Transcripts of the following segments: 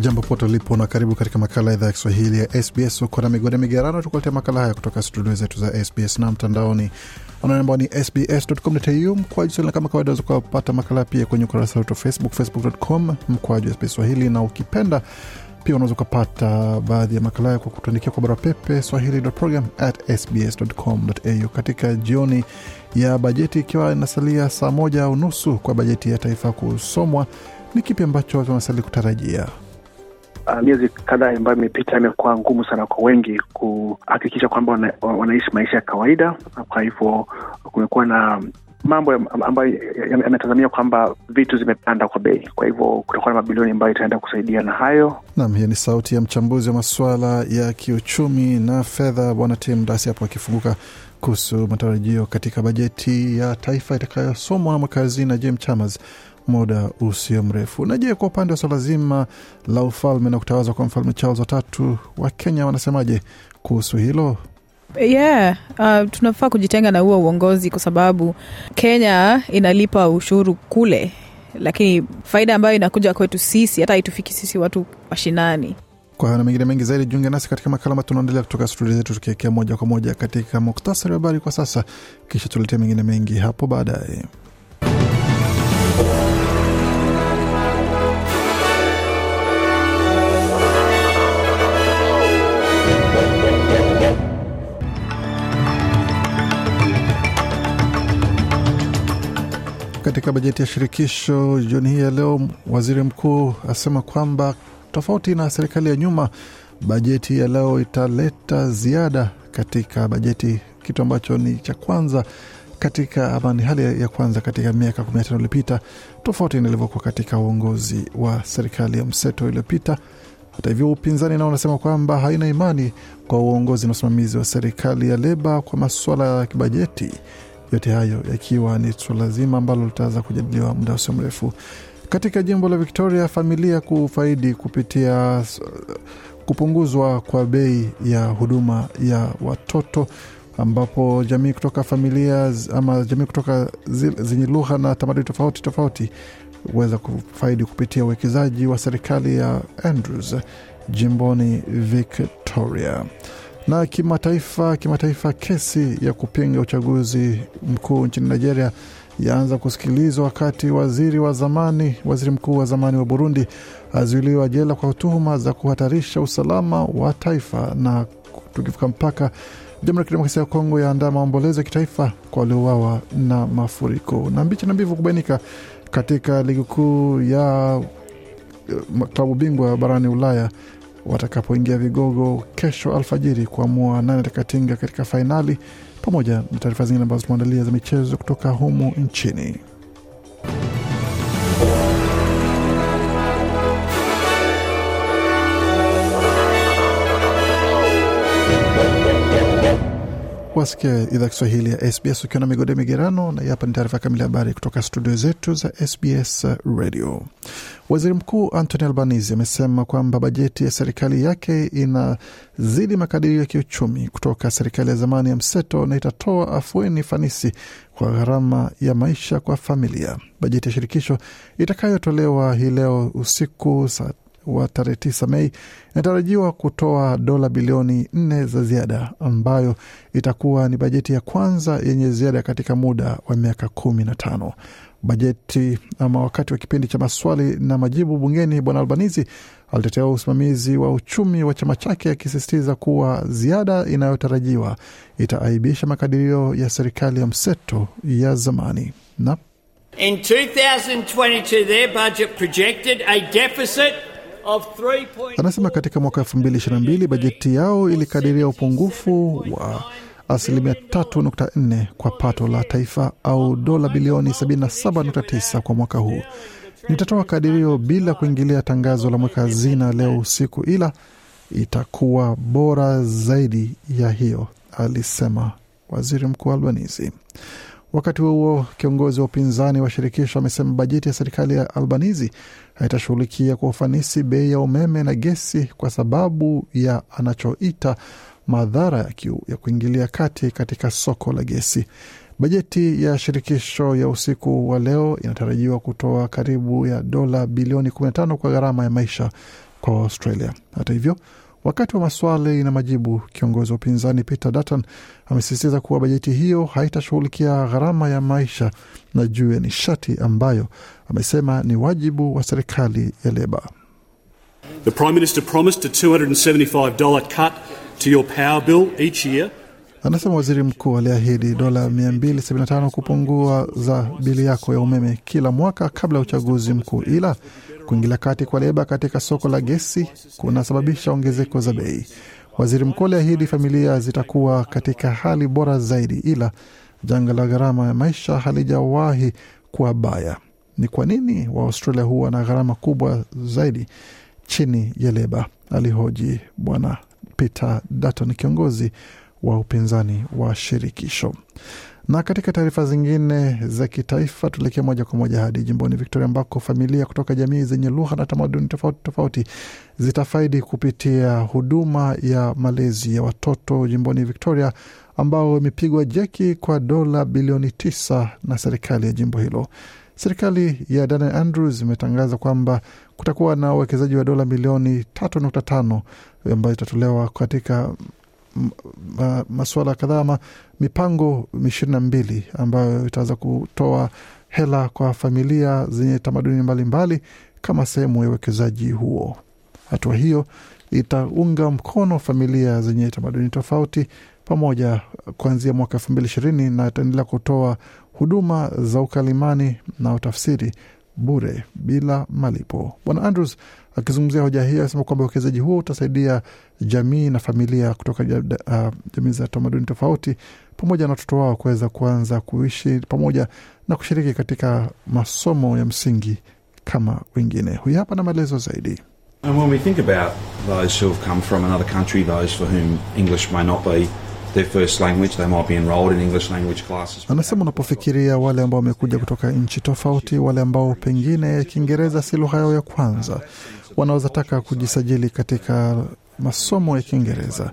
Jambo pote ulipo na karibu katika makala idhaa ya Kiswahili ya SBS. Uko na migode migerano, tukuletea makala haya kutoka studio zetu za SBS na mtandaoni anwani ambao ni sbs.com.au mkwaju swahili, na kama kawaida waweza kupata makala pia kwenye ukurasa wetu wa Facebook, facebook.com mkwaju SBS Swahili, na ukipenda pia unaweza ukapata baadhi ya makala haya kwa kutuandikia kwa barua pepe swahili.program@sbs.com.au. Katika jioni ya bajeti, ikiwa inasalia saa moja unusu kwa bajeti ya taifa kusomwa, ni kipi ambacho tunasali kutarajia? uh, miezi kadhaa ambayo imepita imekuwa ngumu sana kwa wengi kuhakikisha kwamba wana, wanaishi maisha ya kawaida. Kwa hivyo kumekuwa na mambo ambayo yametazamia kwamba vitu zimepanda kwa bei, kwa hivyo kutakuwa na mabilioni ambayo itaenda kusaidia na hayo. Nam, hiyo ni sauti ya mchambuzi wa masuala ya kiuchumi na fedha, Bwana Tim dasi hapo akifunguka kuhusu matarajio katika bajeti ya taifa itakayosomwa mwaka hazina James chamers muda usio mrefu. Na je, kwa upande wa swala zima la ufalme na kutawazwa kwa mfalme Charles watatu wa Kenya wanasemaje kuhusu hilo? Yeah, uh, tunafaa kujitenga na huo uongozi kwa sababu Kenya inalipa ushuru kule, lakini faida ambayo inakuja kwetu sisi hata haitufiki sisi watu washinani. Kwa hayo na mengine mengi zaidi, jiunge nasi katika makala ambayo tunaendelea kutoka studio zetu, tukielekea moja kwa moja katika muktasari wa habari kwa sasa, kisha tuletee mengine mengi hapo baadaye. Katika bajeti ya shirikisho jioni hii ya leo, waziri mkuu asema kwamba tofauti na serikali ya nyuma, bajeti ya leo italeta ziada katika bajeti, kitu ambacho ni cha kwanza katika ama ni hali ya kwanza katika miaka 15 iliyopita, tofauti na ilivyokuwa katika uongozi wa serikali ya mseto iliyopita. Hata hivyo, upinzani nao unasema kwamba haina imani kwa uongozi na usimamizi wa serikali ya Leba kwa masuala ya kibajeti yote hayo yakiwa ni swala zima ambalo litaweza kujadiliwa muda usio mrefu. Katika jimbo la Victoria, familia kufaidi kupitia uh, kupunguzwa kwa bei ya huduma ya watoto ambapo jamii kutoka familia ama jamii kutoka zenye lugha na tamaduni tofauti tofauti huweza kufaidi kupitia uwekezaji wa serikali ya Andrews jimboni Victoria. Na kimataifa, kimataifa, kesi ya kupinga uchaguzi mkuu nchini Nigeria yaanza kusikilizwa wakati waziri wa zamani, waziri mkuu wa zamani wa Burundi azuiliwa jela kwa tuhuma za kuhatarisha usalama wa taifa. Na tukivuka mpaka Jamhuri ya Kidemokrasia ya Kongo yaandaa maombolezo ya kitaifa kwa waliouawa na mafuriko, na mbichi na mbivu kubainika katika ligi kuu ya klabu bingwa barani Ulaya watakapoingia vigogo kesho alfajiri kuamua nani atakatinga katika fainali, pamoja na taarifa zingine ambazo tumeandalia za michezo kutoka humu nchini. kuwasikia idhaa Kiswahili ya SBS ukiwa na migode migerano, na hapa ni taarifa kamili habari kutoka studio zetu za SBS Radio. Waziri Mkuu Anthony Albanese amesema kwamba bajeti ya serikali yake inazidi makadirio ya kiuchumi kutoka serikali ya zamani ya mseto na itatoa afueni fanisi kwa gharama ya maisha kwa familia. Bajeti ya shirikisho itakayotolewa hii leo usiku saa wa tarehe 9 Mei inatarajiwa kutoa dola bilioni nne za ziada ambayo itakuwa ni bajeti ya kwanza yenye ziada katika muda wa miaka kumi na tano. Bajeti ama wakati wa kipindi cha maswali na majibu bungeni, Bwana Albanizi alitetea usimamizi wa uchumi wa chama chake akisisitiza kuwa ziada inayotarajiwa itaaibisha makadirio ya serikali ya mseto ya zamani na In 2022 their budget projected a deficit Anasema katika mwaka 222 bajeti yao ilikadiria upungufu wa asilimia 3.4 kwa pato la taifa au dola bilioni 77.9 kwa mwaka huu. Nitatoa kadirio bila kuingilia tangazo la mweka hazina leo usiku, ila itakuwa bora zaidi ya hiyo, alisema Waziri Mkuu albanizi Wakati huo huo, kiongozi wa upinzani wa shirikisho amesema bajeti ya serikali ya Albanizi haitashughulikia kwa ufanisi bei ya umeme na gesi kwa sababu ya anachoita madhara ya, kiu, ya kuingilia kati katika soko la gesi. Bajeti ya shirikisho ya usiku wa leo inatarajiwa kutoa karibu ya dola bilioni 15 kwa gharama ya maisha kwa Australia. Hata hivyo Wakati wa maswali na majibu, kiongozi wa upinzani Peter Dutton amesisitiza kuwa bajeti hiyo haitashughulikia gharama ya maisha na juu ya nishati ambayo amesema ni wajibu wa serikali ya Leba. The Prime Minister promised a $275 cut to your power bill each year. Anasema waziri mkuu aliahidi dola 275 kupungua za bili yako ya umeme kila mwaka kabla ya uchaguzi mkuu, ila kuingilia kati kwa leba katika soko la gesi kunasababisha ongezeko za bei. Waziri mkuu aliahidi familia zitakuwa katika hali bora zaidi, ila janga la gharama ya maisha halijawahi kuwa baya. Ni kwa nini Waaustralia huwa na gharama kubwa zaidi chini ya leba? Alihoji Bwana Peter Dutton, kiongozi wa upinzani wa shirikisho. Na katika taarifa zingine za kitaifa, tuelekee moja kwa moja hadi jimboni Victoria ambako familia kutoka jamii zenye lugha na tamaduni tofauti tofauti zitafaidi kupitia huduma ya malezi ya watoto jimboni Victoria ambao imepigwa jeki kwa dola bilioni tisa na serikali ya jimbo hilo. Serikali ya Dan Andrews imetangaza kwamba kutakuwa na uwekezaji wa dola milioni 3.5 ambayo itatolewa katika ma, masuala kadhaa ama mipango ishirini na mbili ambayo itaweza kutoa hela kwa familia zenye tamaduni mbalimbali mbali, kama sehemu ya uwekezaji huo. Hatua hiyo itaunga mkono familia zenye tamaduni tofauti pamoja kuanzia mwaka elfu mbili ishirini na itaendelea kutoa huduma za ukalimani na utafsiri bure bila malipo. Bwana Andrews Akizungumzia hoja hii anasema kwamba uwekezaji huo utasaidia jamii na familia kutoka uh, jamii za tamaduni tofauti pamoja na watoto wao kuweza kuanza kuishi pamoja na kushiriki katika masomo ya msingi kama wengine. Huyu hapa na maelezo zaidi. And when we think about those who have come from another country, those for whom English may not be Anasema unapofikiria wale ambao wamekuja kutoka nchi tofauti, wale ambao pengine Kiingereza si lugha yao ya kwanza, wanaozataka kujisajili katika masomo ya Kiingereza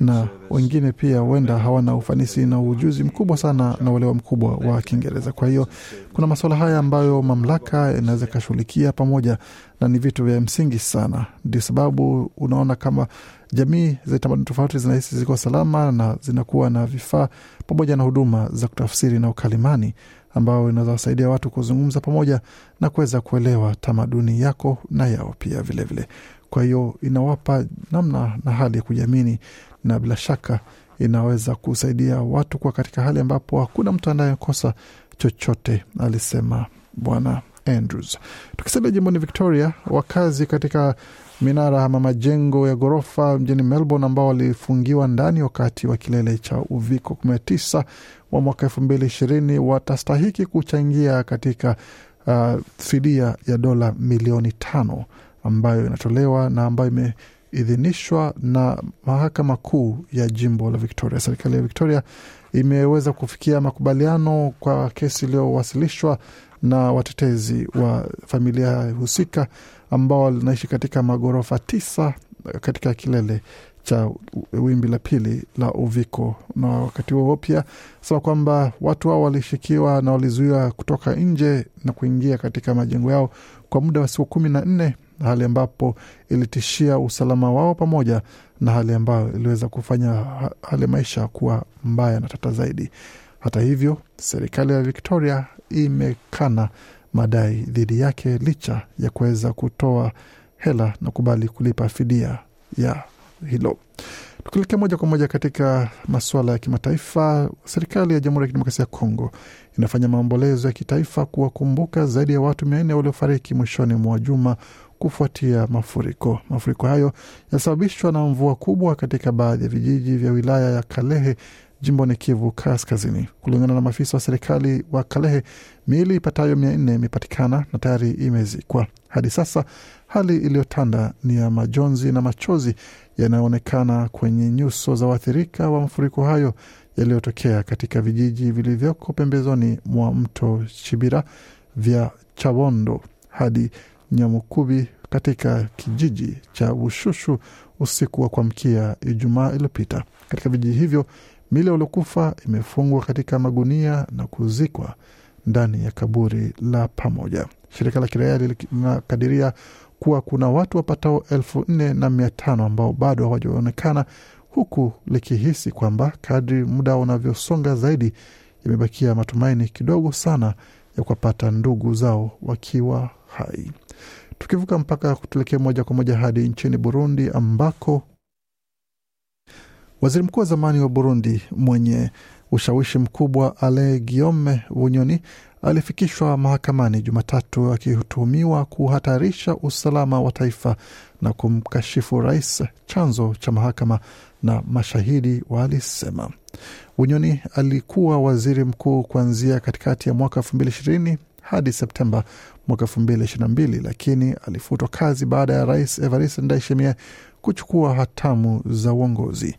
na wengine pia huenda hawana ufanisi na ujuzi mkubwa sana na uelewa mkubwa wa Kiingereza. Kwa hiyo kuna masuala haya ambayo mamlaka inaweza ikashughulikia pamoja, na ni vitu vya msingi sana. Ndio sababu unaona kama jamii za tamaduni tofauti zinahisi ziko salama na zinakuwa na vifaa pamoja na huduma za kutafsiri na ukalimani ambao inawasaidia watu kuzungumza pamoja na kuweza kuelewa tamaduni yako na yao pia vilevile Kwa hiyo inawapa namna na hali ya kujiamini na bila shaka inaweza kusaidia watu kuwa katika hali ambapo hakuna mtu anayekosa chochote, alisema Bwana Andrews. Tukisalia jimboni Victoria, wakazi katika minara ama majengo ya ghorofa mjini Melbourne ambao walifungiwa ndani wakati wa kilele cha uviko 19 wa mwaka 2020 watastahiki kuchangia katika uh, fidia ya dola milioni tano ambayo inatolewa na ambayo imeidhinishwa na mahakama kuu ya jimbo la Victoria. Serikali ya Victoria imeweza kufikia makubaliano kwa kesi iliyowasilishwa na watetezi wa familia husika ambao linaishi katika maghorofa tisa eh, katika kilele cha wimbi la pili la uviko. Na wakati huo pia sema kwamba watu hao walishikiwa na walizuiwa kutoka nje na kuingia katika majengo yao kwa muda wa siku kumi na nne hali ambapo ilitishia usalama wao pamoja na hali ambayo iliweza kufanya hali maisha kuwa mbaya na tata zaidi. Hata hivyo, serikali ya Victoria imekana madai dhidi yake licha ya kuweza kutoa hela na kubali kulipa fidia ya hilo. Tukielekea moja kwa moja katika masuala ya kimataifa, serikali ya Jamhuri ya Kidemokrasia ya Kongo inafanya maombolezo ya kitaifa kuwakumbuka zaidi ya watu mia nne waliofariki mwishoni mwa juma kufuatia mafuriko. Mafuriko hayo yasababishwa na mvua kubwa katika baadhi ya vijiji vya wilaya ya Kalehe jimboni Kivu Kaskazini. Kulingana na maafisa wa serikali wa Kalehe, miili ipatayo mia nne imepatikana na tayari imezikwa. Hadi sasa hali iliyotanda ni ya majonzi na machozi yanayoonekana kwenye nyuso za waathirika wa mafuriko hayo yaliyotokea katika vijiji vilivyoko pembezoni mwa mto Shibira vya Chabondo hadi Nyamukubi katika kijiji cha Ushushu usiku wa kuamkia Ijumaa iliyopita. Katika vijiji hivyo Mili waliokufa imefungwa katika magunia na kuzikwa ndani ya kaburi la pamoja. Shirika la kiraia linakadiria kuwa kuna watu wapatao elfu nne na mia tano ambao bado hawajaonekana huku likihisi kwamba kadri muda unavyosonga zaidi, imebakia matumaini kidogo sana ya kuwapata ndugu zao wakiwa hai. Tukivuka mpaka, tuelekee moja kwa moja hadi nchini Burundi ambako Waziri mkuu wa zamani wa Burundi mwenye ushawishi mkubwa Ale giome Vunyoni alifikishwa mahakamani Jumatatu akituhumiwa kuhatarisha usalama wa taifa na kumkashifu rais, chanzo cha mahakama na mashahidi walisema. Vunyoni alikuwa waziri mkuu kuanzia katikati ya mwaka ishirini hadi Septemba mwaka mbili lakini alifutwa kazi baada ya rais Evariste Ndayishimiye kuchukua hatamu za uongozi.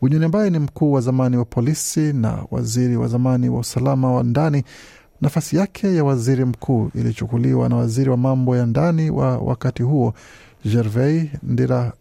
Bunyoni ambaye ni mkuu wa zamani wa polisi na waziri wa zamani wa usalama wa ndani nafasi yake ya waziri mkuu ilichukuliwa na waziri wa mambo ya ndani wa wakati huo Gervais Ndira,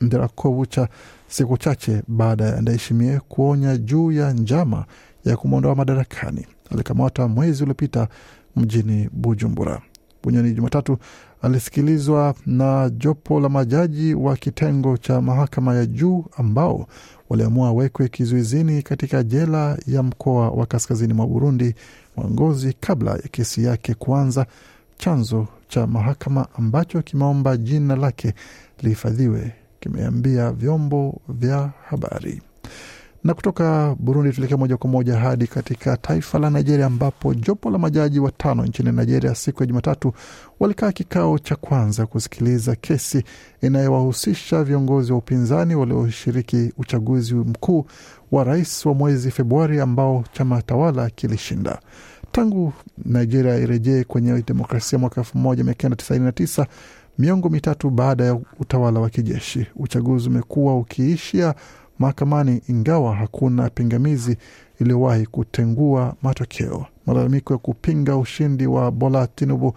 Ndirakobucha siku chache baada ya Ndayishimiye kuonya juu ya njama ya kumwondoa madarakani. Alikamata mwezi uliopita mjini Bujumbura. Bunyoni Jumatatu alisikilizwa na jopo la majaji wa kitengo cha mahakama ya juu ambao waliamua awekwe kizuizini katika jela ya mkoa wa kaskazini mwa Burundi Ngozi kabla ya kesi yake kuanza, chanzo cha mahakama ambacho kimeomba jina lake lihifadhiwe kimeambia vyombo vya habari. Na kutoka Burundi tuelekea moja kwa moja hadi katika taifa la Nigeria, ambapo jopo la majaji watano nchini Nigeria siku ya Jumatatu walikaa kikao cha kwanza kusikiliza kesi inayowahusisha viongozi wa upinzani walioshiriki uchaguzi mkuu wa rais wa mwezi Februari ambao chama tawala kilishinda. Tangu Nigeria irejee kwenye demokrasia mwaka tisa miongo mitatu baada ya utawala wa kijeshi, uchaguzi umekuwa ukiishia mahakamani ingawa hakuna pingamizi iliyowahi kutengua matokeo. Malalamiko ya kupinga ushindi wa Bola Tinubu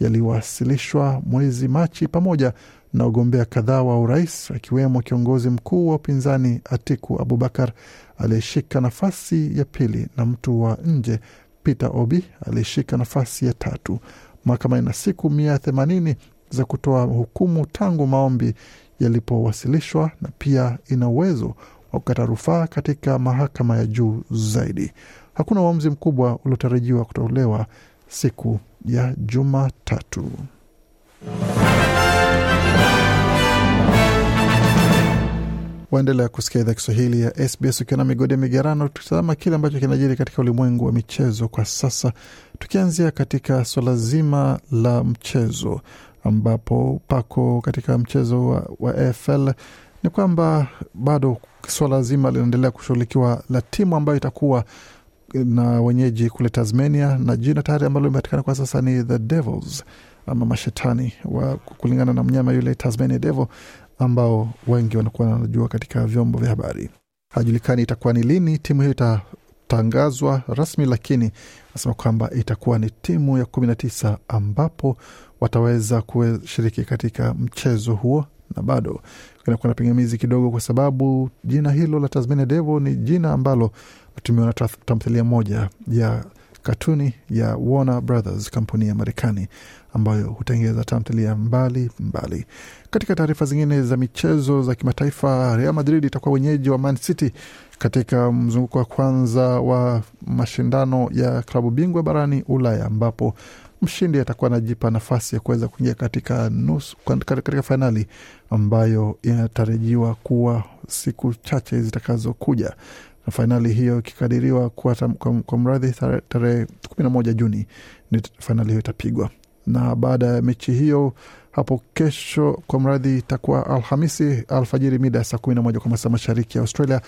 yaliwasilishwa mwezi Machi pamoja na wagombea kadhaa wa urais akiwemo kiongozi mkuu wa upinzani Atiku Abubakar aliyeshika nafasi ya pili na mtu wa nje Peter Obi aliyeshika nafasi ya tatu. Mahakama ina siku mia themanini za kutoa hukumu tangu maombi yalipowasilishwa na pia ina uwezo wa kukata rufaa katika mahakama ya juu zaidi. Hakuna uamuzi mkubwa uliotarajiwa kutolewa siku ya Jumatatu. Waendelea kusikia idhaa Kiswahili ya SBS ukiwa na migode migerano, tukitazama kile ambacho kinajiri katika ulimwengu wa michezo kwa sasa, tukianzia katika swala zima la mchezo ambapo pako katika mchezo wa, wa AFL ni kwamba bado swala zima linaendelea kushughulikiwa la timu ambayo itakuwa na wenyeji kule Tasmania, na jina tayari ambalo limepatikana kwa sasa ni the Devils ama mashetani wa kulingana na mnyama yule Tasmania Devil ambao wengi wanakuwa wanajua katika vyombo vya habari. Hajulikani itakuwa ni lini timu hiyo tangazwa rasmi, lakini anasema kwamba itakuwa ni timu ya kumi na tisa ambapo wataweza kushiriki katika mchezo huo, na bado kunakuwa na pingamizi kidogo, kwa sababu jina hilo la Tasmania Devil ni jina ambalo natumiwa na tamthilia moja ya katuni ya Warner Brothers, kampuni ya Marekani ambayo hutengeza tamthilia mbali mbali. Katika taarifa zingine za michezo za kimataifa, Real Madrid itakuwa wenyeji wa Man City katika mzunguko wa kwanza wa mashindano ya klabu bingwa barani Ulaya ambapo mshindi atakuwa anajipa nafasi ya kuweza kuingia katika nusu, katika fainali ambayo inatarajiwa kuwa siku chache zitakazokuja na fainali hiyo ikikadiriwa kuwa kwa, kwa mradhi tarehe kumi na moja Juni ni fainali hiyo itapigwa, na baada ya mechi hiyo hapo kesho, kwa mradhi itakuwa Alhamisi alfajiri mida ya saa kumi na moja kwa masaa mashariki ya Australia.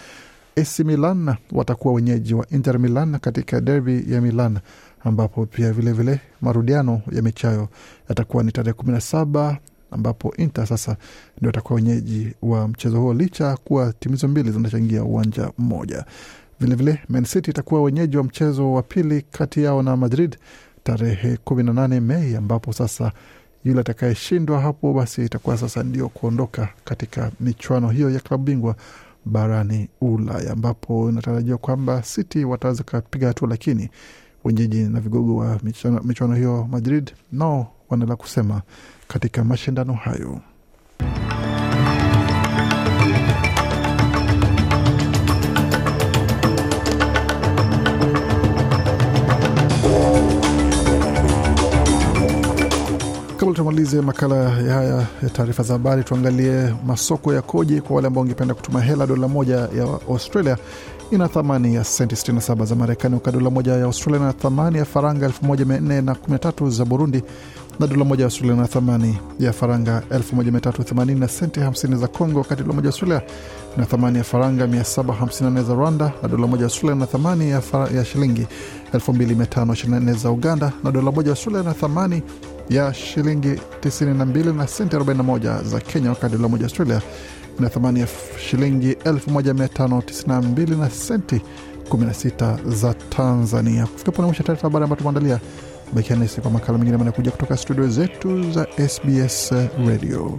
AC Milan watakuwa wenyeji wa Inter Milan katika derby ya Milan, ambapo pia vilevile vile marudiano ya mechi hayo yatakuwa ni tarehe kumi na saba ambapo Inter sasa ndio atakuwa wenyeji wa mchezo huo, licha ya kuwa timu hizo mbili zinachangia uwanja mmoja. Vilevile Man City itakuwa wenyeji wa mchezo wa pili kati yao na Madrid tarehe 18 Mei, ambapo sasa yule atakayeshindwa hapo basi itakuwa sasa ndio kuondoka katika michuano hiyo ya klabu bingwa barani Ulaya, ambapo inatarajiwa kwamba City wataweza kapiga hatua, lakini wenyeji na vigogo wa michuano hiyo Madrid nao wana la kusema katika mashindano hayo. Kabla tumalize makala ya haya ya taarifa za habari, tuangalie masoko yakoje kwa wale ambao wangependa kutuma hela. Dola moja ya Australia ina thamani ya senti 67 za Marekani, huka dola moja ya Australia na thamani ya faranga 1413 za Burundi, na dola moja ya Australia na thamani ya faranga 1380 na senti 50 za Congo, wakati dola moja ya Australia na thamani ya faranga 754 za Rwanda, na dola moja ya Australia na thamani ya, ya shilingi 2524 za Uganda, na dola moja ya Australia na thamani ya shilingi 92 na senti 41 za Kenya, wakati dola moja ya Australia na thamani ya shilingi 1592 na senti 16 za Tanzania. Kufika pone mwisho taarifa habari ambayo tumeandalia, bakia nasi kwa makala mengine manakuja kutoka studio zetu za SBS Radio.